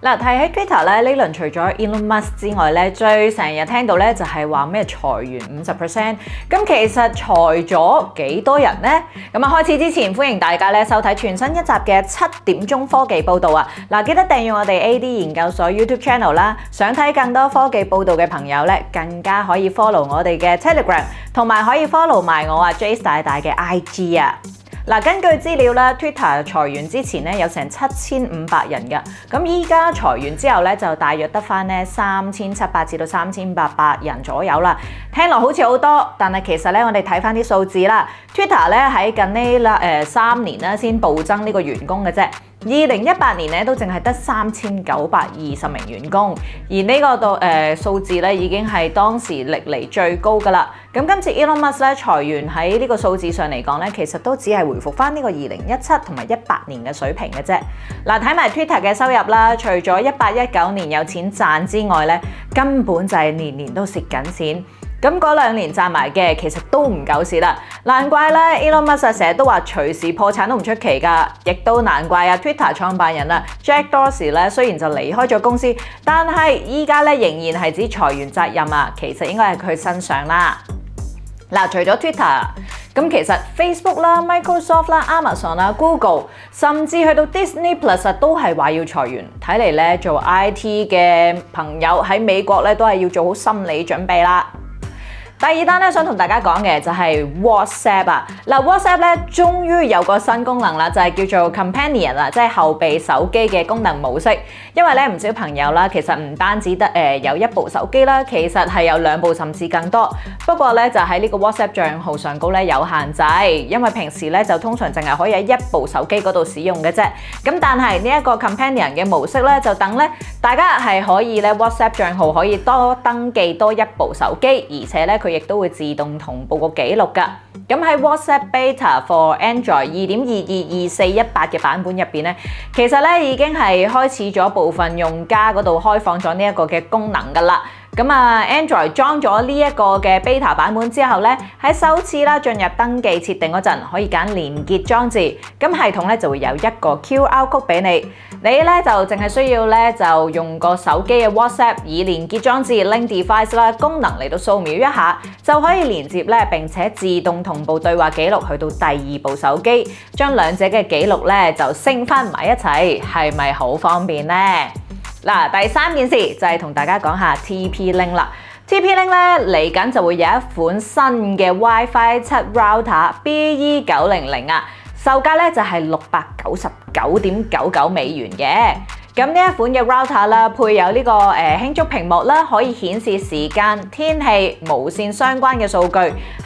嗱，提起 Twitter 咧，呢輪除咗 Elon Musk 之外咧，最成日聽到咧就係話咩裁員五十 percent，咁其實裁咗幾多人呢？咁啊，開始之前歡迎大家咧收睇全新一集嘅七點鐘科技報道啊！嗱，記得訂閱我哋 AD 研究所 YouTube Channel 啦，想睇更多科技報道嘅朋友咧，更加可以 follow 我哋嘅 Telegram，同埋可以 follow 埋我啊，Jace 大大嘅 IG 啊！嗱，根據資料咧，Twitter 裁員之前咧有成七千五百人嘅，咁依家裁員之後咧就大約得翻咧三千七百至到三千八百人左右啦。聽落好似好多，但係其實咧，我哋睇翻啲數字啦，Twitter 咧喺近呢啦誒三年咧先暴增呢個員工嘅啫。二零一八年咧都淨係得三千九百二十名員工，而呢、這個度誒數字咧已經係當時歷嚟最高噶啦。咁今次 Elon Musk 咧裁員喺呢個數字上嚟講咧，其實都只係回復翻呢個二零一七同埋一八年嘅水平嘅啫。嗱，睇埋 Twitter 嘅收入啦，除咗一八一九年有錢賺之外咧，根本就係年年都蝕緊錢。咁嗰兩年賺埋嘅，其實都唔夠蝕啦，難怪咧，Elon Musk 啊，成日都話隨時破產都唔出奇噶，亦都難怪啊。Twitter 創辦人啊，Jack Dorsey 咧，雖然就離開咗公司，但係依家咧仍然係指裁員責任啊，其實應該係佢身上啦。嗱，除咗 Twitter，咁其實 Facebook 啦、Microsoft 啦、Amazon 啦、Google，甚至去到 Disney Plus 都係話要裁員。睇嚟咧，做 IT 嘅朋友喺美國咧，都係要做好心理準備啦。第二單咧，想同大家講嘅就係 Wh WhatsApp 啊，嗱 WhatsApp 咧終於有個新功能啦，就係叫做 Companion 啦，即係後備手機嘅功能模式。因為咧唔少朋友啦，其實唔單止得誒有一部手機啦，其實係有兩部甚至更多。不過咧就喺呢個 WhatsApp 賬號上高咧有限制，因為平時咧就通常淨係可以喺一部手機嗰度使用嘅啫。咁但係呢一個 Companion 嘅模式咧，就等咧大家係可以咧 WhatsApp 賬號可以多登記多一部手機，而且咧亦都會自動同步個記錄㗎。咁喺 WhatsApp Beta for Android 2.222418嘅版本入邊咧，其實咧已經係開始咗部分用家嗰度開放咗呢一個嘅功能㗎啦。咁啊，Android 裝咗呢一個嘅 beta 版本之後咧，喺首次啦進入登記設定嗰陣，可以揀連結裝置。咁系統咧就會有一個 QR Code 俾你，你咧就淨係需要咧就用個手機嘅 WhatsApp 以連結裝置 link device 啦功能嚟到掃描一下，就可以連接咧並且自動同步對話記錄去到第二部手機，將兩者嘅記錄咧就升翻埋一齊，係咪好方便呢？第三件事就係同大家講下 TP Link 啦，TP Link 咧嚟緊就會有一款新嘅 WiFi 七 Router BE 九零零啊，售價咧就係六百九十九點九九美元嘅。咁呢一款嘅 router 啦，配有呢個誒輕觸屏幕啦，可以顯示時間、天氣、無線相關嘅數據。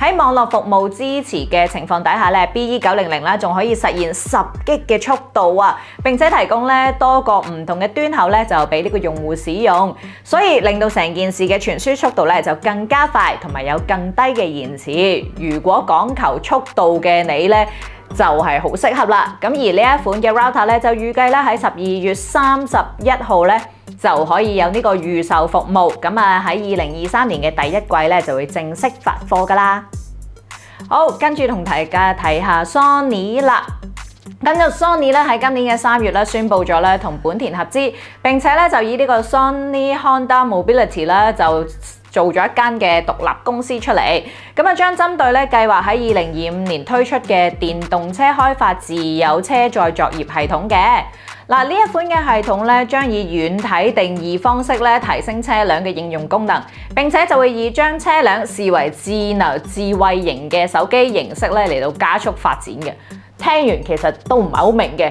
喺網絡服務支持嘅情況底下咧，BE 九零零啦仲可以實現十 G 嘅速度啊！並且提供咧多個唔同嘅端口咧，就俾呢個用戶使用，所以令到成件事嘅傳輸速度咧就更加快，同埋有更低嘅延遲。如果講求速度嘅你咧，就係好適合啦，咁而呢一款嘅 Router 咧就預計咧喺十二月三十一號咧就可以有呢個預售服務，咁啊喺二零二三年嘅第一季咧就會正式發貨噶啦。好，跟住同大家睇下 Sony 啦，咁就 Sony 咧喺今年嘅三月咧宣布咗咧同本田合資，並且咧就以呢個 Sony Honda Mobility 咧就。做咗一間嘅獨立公司出嚟，咁啊將針對咧計劃喺二零二五年推出嘅電動車開發自有車載作業系統嘅。嗱呢一款嘅系統咧將以軟體定義方式咧提升車輛嘅應用功能，並且就會以將車輛視為智能智慧型嘅手機形式咧嚟到加速發展嘅。聽完其實都唔係好明嘅。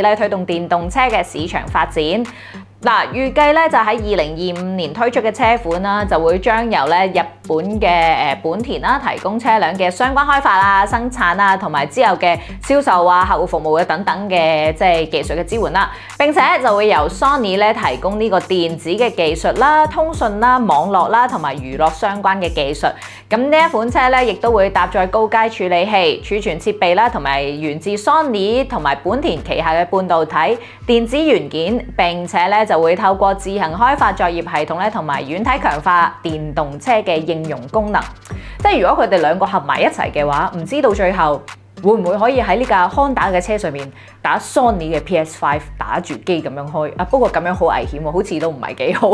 嚟推動電動車嘅市場發展。嗱，預計咧就喺二零二五年推出嘅車款啦，就會將由咧日本嘅誒本田啦提供車輛嘅相關開發啦、生產啊，同埋之後嘅銷售啊、客戶服務啊等等嘅即係技術嘅支援啦。並且就會由 Sony 咧提供呢個電子嘅技術啦、通訊啦、網絡啦，同埋娛樂相關嘅技術。咁呢一款車咧，亦都會搭載高階處理器、儲存設備啦，同埋源自 Sony 同埋本田旗下嘅半導體電子元件。並且咧。就會透過自行開發作業系統咧，同埋軟體強化電動車嘅應用功能，即係如果佢哋兩個合埋一齊嘅話，唔知到最後會唔會可以喺呢架康打嘅車上面打 Sony 嘅 PS5 打住機咁樣開啊？不過咁樣好危險，好似都唔係幾好。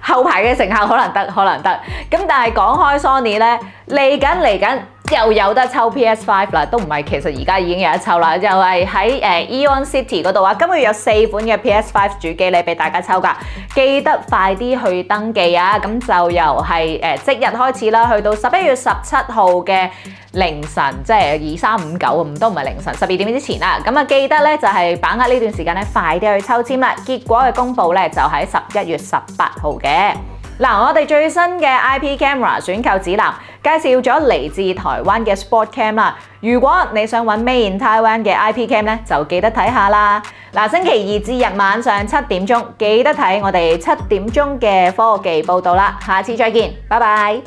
後排嘅乘客可能得，可能得。咁但係講開 Sony 咧，嚟緊嚟緊。又有得抽 PS5 啦，都唔係，其實而家已經有得抽啦，就係喺誒 AEON City 嗰度啊。今個月有四款嘅 PS5 主機咧俾大家抽噶，記得快啲去登記啊！咁就由係誒即日開始啦，去到十一月十七號嘅凌晨，即係二三五九，唔都唔係凌晨十二點之前啦。咁啊，記得咧就係把握呢段時間咧，快啲去抽簽啦。結果嘅公布咧就喺十一月十八號嘅。嗱，我哋最新嘅 IP Camera 選購指南。介紹咗嚟自台灣嘅 Sport Cam 啦，如果你想揾 Made in Taiwan 嘅 IP Cam 呢，就記得睇下啦。星期二至日晚上七點鐘，記得睇我哋七點鐘嘅科技報導啦。下次再見，拜拜。